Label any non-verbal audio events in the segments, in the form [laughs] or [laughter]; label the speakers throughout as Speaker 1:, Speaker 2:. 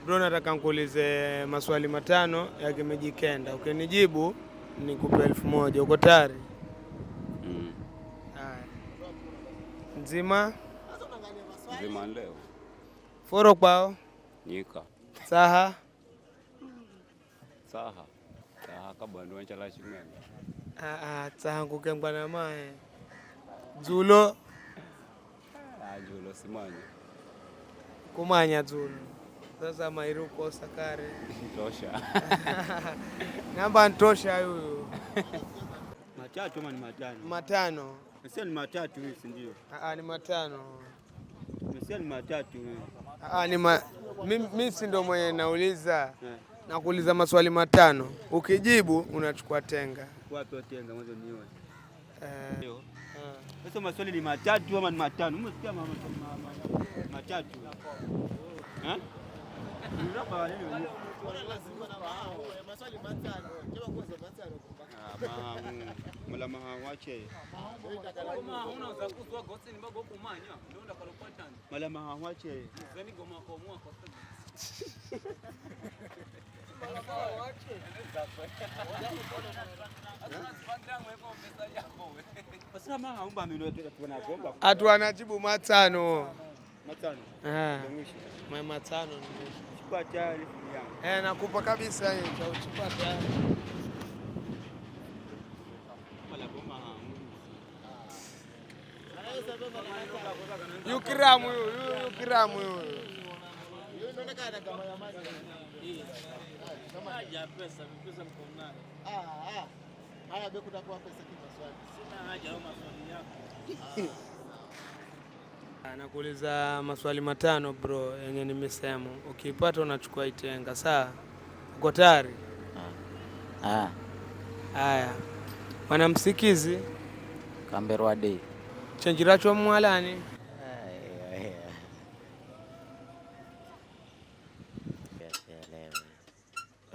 Speaker 1: Bro, nataka nkuulize maswali matano ya Kimijikenda, ukinijibu nikupe elfu moja. Uko tayari? Mm. Nzima nzima leo. Foro kwao nyika saha
Speaker 2: saha saha kabanduanchalashimene
Speaker 1: ah, ah, saha nkukengwa na mae dzulo
Speaker 2: dzulo ah, simanya
Speaker 1: kumanya dzulo sasa Mairuko Sakare
Speaker 2: [laughs] tosha [laughs]
Speaker 1: namba ntosha huyu
Speaker 2: [laughs] matatu ama ni matano?
Speaker 1: Matano
Speaker 2: Mesia ni matatu hii, si ndio?
Speaker 1: Ah, ni matano
Speaker 2: Mesia ni matatu
Speaker 1: ah, ni ma... mimi si ndio mwenye nauliza yeah. Nakuuliza maswali matano, ukijibu unachukua tenga.
Speaker 2: Wapi tenga mwanzo nione. Eh. eh. Sasa maswali ni matatu ama ni matano? Umesikia mama matatu. Eh? mula mahawu wache mula mahawu wache atu
Speaker 1: matano matano eh. matano nakupa tayari eh, nakupa kabisa chauchipata yukiramu huyu yukiramu huyu Nakuuliza maswali matano bro, yenye nimesema ukiipata unachukua itenga. Saa uko tayari? Ah. ah. Haya, wanamsikizi
Speaker 2: kamberwade
Speaker 1: chenjirachwa mwalani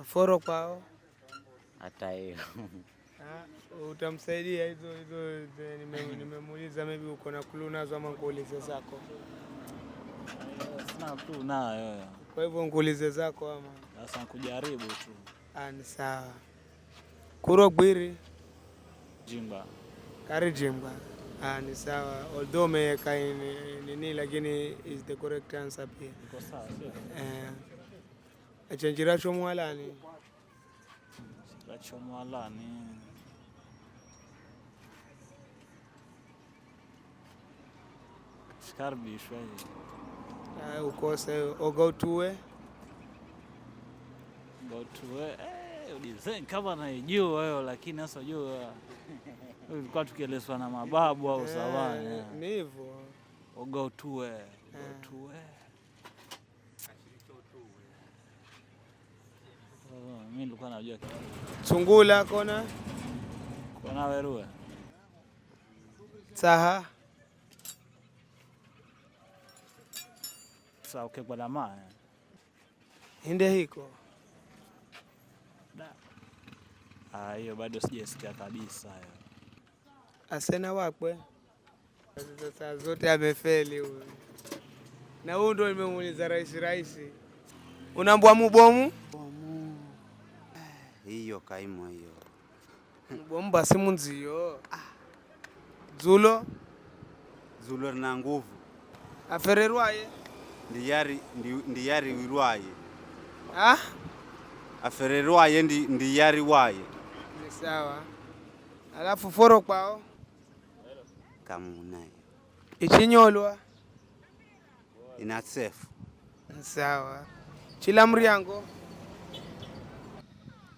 Speaker 1: foro kwao
Speaker 2: hata hiyo [laughs]
Speaker 1: Ah, utamsaidia hizo hizo, mhm. nimemuuliza maybe uko na clue nazo ama nikuulize zako.
Speaker 2: Sina clue nayo. Eh.
Speaker 1: Kwa hivyo nikuulize zako ama.
Speaker 2: Sasa kujaribu tu.
Speaker 1: Ah, ni sawa. Kurogwiri jimba kari jimba. Ah, ni sawa. Although umeweka nini, lakini is the correct answer pia.
Speaker 2: Iko sawa sio?
Speaker 1: Eh. Achenjiracho mwalani.
Speaker 2: Achenjiracho mwalani. Sikaribishwe uh,
Speaker 1: eh, ukose ogotue
Speaker 2: oh, gotue design eh, kama naijua hiyo, lakini sasa jua ilikuwa tukielezwa na mababu au savana eh,
Speaker 1: ni hivyo
Speaker 2: ogotue oh, gotue oh, mimi nilikuwa najua
Speaker 1: sungula kona
Speaker 2: kona werue saha sawa ukegwalama indehiko ah, hiyo bado sijasikia kabisa hiyo.
Speaker 1: Asena wakwe saa zote amefeli huyo, na huyu ndo nimemuuliza rahisi rahisi unambwa mubomu
Speaker 2: eh, hiyo kaimwa hiyo
Speaker 1: mubomu basi munziyo zulo
Speaker 2: zulo na nguvu
Speaker 1: afererwaye
Speaker 2: ndi ah? ndi yari wirwaye ah afererwaye ndi ndi waye
Speaker 1: ni sawa alafu foro kwao
Speaker 2: kamunayo
Speaker 1: ichinyolwa
Speaker 2: inatsefu
Speaker 1: sawa chila mriango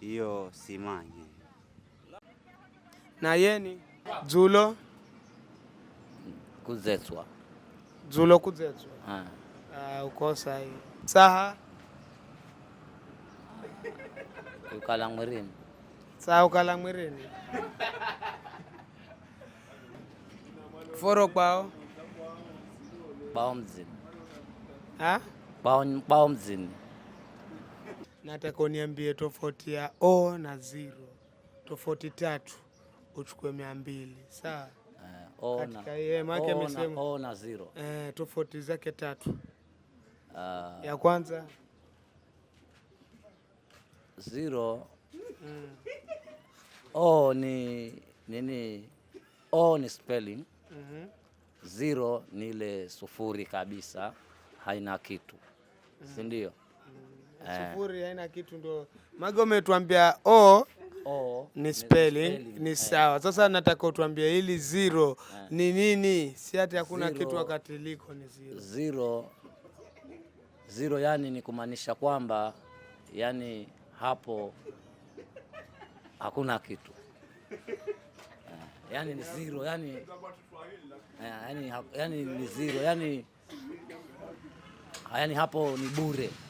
Speaker 2: iyo simanye
Speaker 1: na yeni dzulo kudzetswa dzulo kudzetswa ah. Uh, ah, ukosa saha
Speaker 2: ukala mwirini
Speaker 1: saha ukala mwirini foro kwao
Speaker 2: bao mzini bao, bao mzini.
Speaker 1: Nataka uniambie tofauti ya o na zero, tofauti tatu uchukue mia mbili sawa?
Speaker 2: Eh, Katika yeye make amesema o na zero,
Speaker 1: eh, tofauti zake tatu Uh, ya kwanza
Speaker 2: zero mm. O ni nini? O ni spelling mm -hmm. Zero ni ile sufuri kabisa, haina kitu mm si ndio?
Speaker 1: mm. eh. Sufuri haina kitu ndo mago umetuambia o O, ni spelling, spelling ni eh. sawa sasa. Eh. Nataka utuambie hili zero eh. ni nini? Si hata hakuna kitu wakati liko ni zero.
Speaker 2: Zero Zero yani ni kumaanisha kwamba yani hapo hakuna kitu yani ni zero yani, eh, yani, yani ni zero yani, yani hapo ni bure.